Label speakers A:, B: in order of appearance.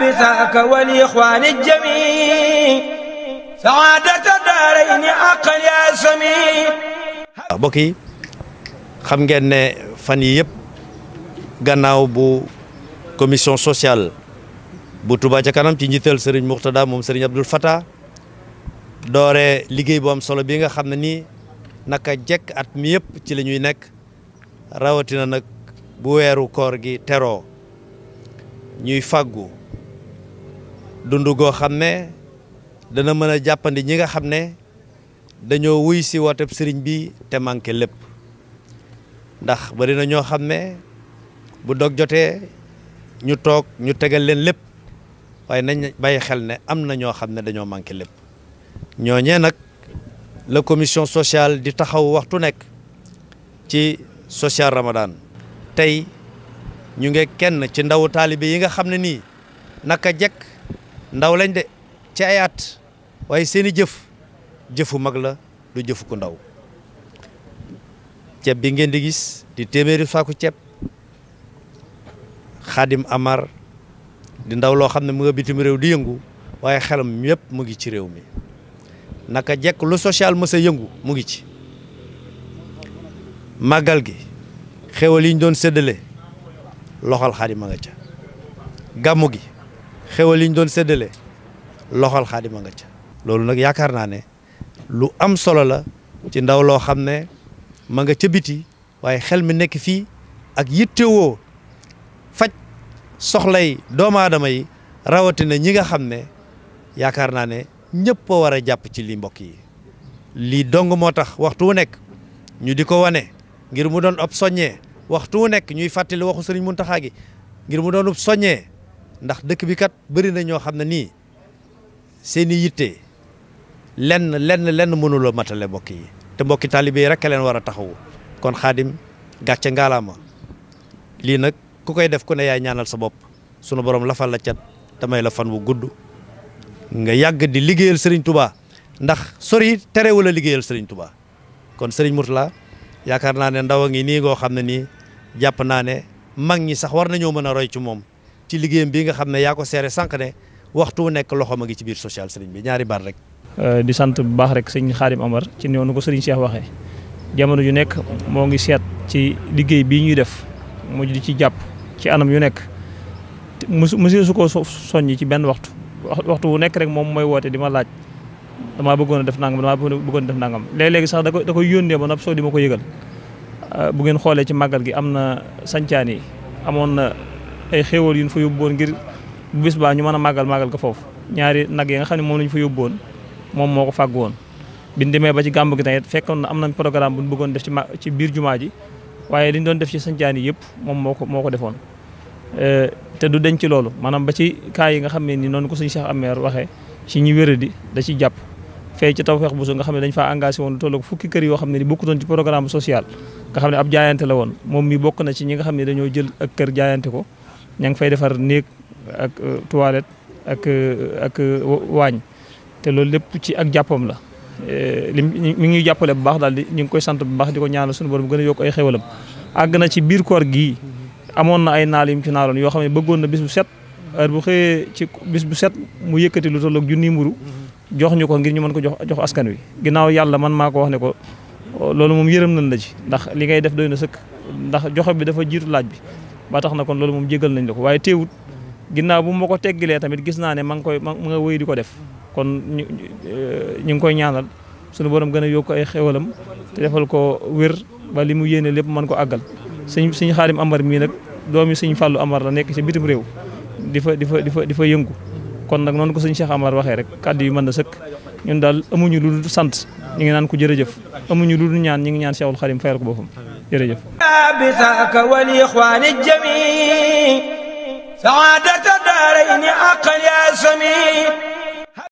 A: بذاك والإخوان الجميع سعادة الدارين أقل يا سميع
B: mbokk yi xam ngeen ne fan yi yëpp gannaaw bu commission sociale bu Touba ca kanam ci njiital Serigne Mouxtada moom Serigne Abdoul Fattah doore liggéey boom solo bi nga xam ne nii naka jekk at mi yëpp ci la ñuy nekk rawatina nag bu weeru koor gi teroo ñuy fàggu dund goo xam ne dana mën a jàppandi ñi nga xam ne dañoo wuy si wooteb sëriñ bi te manqué lépp ndax bari na ñoo xam ne bu dog jotee ñu toog ñu tegal leen lépp waaye nañ bàyyi xel ne am na ñoo xam ne dañoo manqué lépp ñooñee nag la commission sociale di taxaw waxtu nekk ci social ramadaan tey ñu ngi kenn ci ndawu taalibe yi nga xam ne nii naka jekk ndaw lañ de caayaat waaye seeni jëf jëfu mag la du jëfu ku ndaw ceeb bi ngeen di gis di téeméeri saaku ceeb xaadim amar di ndaw loo xam ne mu nga bitim réew di yëngu waaye xelam yépp mu ngi ci réew mi naka jekk lu social mës yëngu mu ngi ci màggal gi xéwal yi doon séddale loxol xaadim a nga ca gàmmu gi xewal yi doon séddale loxol xaadima nga ca loolu nag yaakaar naa ne lu am solo la ci ndaw loo xam ne ma nga ca biti waaye xel mi nekk fii ak yittewoo faj soxlay doomu aadama yi rawatina ñi nga xam ne yaakaar naa ne ñëpp a war a jàpp ci li mbokk yi lii dong moo tax waxtu wu nekk ñu di ko wane ngir mu doon ab soñe waxtu wu nekk ñuy fàttali waxu sëriñ Muntaxa gi ngir mu doon ab soññee ndax dëkk bi kat bari na ñoo xam ne nii seeni i lenn lenn lenn mënuloo matale mbokk yi te mbokki taalibe yi rek leen war a taxawu kon xaadim gàcce ngaalaama lii nag ku koy def ku ne yaay ñaanal sa bopp sunu borom lafal la cat te may la fan wu gudd nga yàgg di liggéeyal sëriñ Touba ndax sori tere a liggéeyal Serigne Touba kon Serigne Mourtala yaakaar naa ne ndaw ngi nii ngoo xam ne nii jàpp naa ne mag ñi sax war nañoo mën a roy ci moom ci liggéeyam bi nga xam ne yaa ko seere sànq ne waxtu nekk loxo ma ngi ci biir social sëriñ bi ñaari baat rek.
A: Euh, di sant bu baax rek sëñ Xaadim Amar ci noonu ko sëriñ Cheikh waxee jamono ju nekk moo ngi seet ci liggéey bii ñuy def mu di ci jàpp ci anam yu nekk monsieur su ko soññi ci benn waxtu waxtu wu nekk rek moom mooy woote di ma laaj damaa bëggoon def nangam damaa bëggoon a def nangam léeg-léeg sax da koy da yónnee ba noppi soo di ma ko yëgal euh, bu ngeen xoolee ci màggal gi am na sàncaan amoon ay xéewal yu ñu fa yóbbuwoon ngir bu bis baa ñu mën a màggal màggal ko foofu ñaari nag yi nga xam ne moom la ñu fa yóbbuwoon moom moo ko fàgg woon biñ demee ba ci gàmb gi tamit fekkoon na am nañ programme bu ñu bëggoon def ci ci biir jumaa ji waaye liñ doon def ci sancaan yi yëpp moom moo ko moo ko defoon te du denc loolu maanaam ba ci cas yi nga xam ne ni noonu ko suñu Cheikh Amer waxee ci ñi wéradi da ci jàpp fee ci Tawfekh Bousso xam ne dañ faa engagé woon lu tolloog fukki kër yoo xam ne ni bokkutoon ci programme social nga xam ne ab jaayante la woon moom mi bokk na ci ñi nga xam ne dañoo jël ak kër jaayante ko ña ngi fay defar néeg ak euh, toilette ak euh, ak euh, waañ te loolu lépp ci ak jàppam la eh, li mi ngi jàppale bu baax daal di ñu ngi koy sant bu baax di ko ñaanal suñu borom gën a yokk ay xéwalam àgg na ci biir koor gi amoon na ay naal yu mu ci naaloon yoo xam ne bëggoon na bis bu set heure bu xëyee ci bis bu set mu yëkkati lu tolloog junni mburu jox ñu ko ngir ñu mën ko jox jox askan wi ginnaaw yàlla man maa ko wax ne ko loolu moom yërëm nañ la ci ndax li ngay def doy na sëkk ndax joxe bi dafa jiitu laaj bi ba tax na kon loolu moom jégal nañ la ko waaye teewut ginnaaw bu ma ko teggilee tamit gis naa ne ma ngi koy ma nga wéy di ko def kon ñu ñu ngi koy ñaanal suñu borom gën a yokk ay xewalam defal ko wér ba li mu yéene lépp mën ko àggal sëñ sëñ xaalim amar mii nag doomi sëñ fàllu amar la nekk ci bitim réew di fa di fa di fa yëngu kon nag noonu ko sëñ Cheikh Amar waxee rek kàddu yi mën na sëkk ñun daal amuñu lu dul sant ñu ngi naan ko jërëjëf amuñu lu dul ñaan ñu ngi ñaan Cheikhul Xarim fayal ko boppam jërëjëf بساك والإخوان الجميع سعادة دارين أقل يا سميع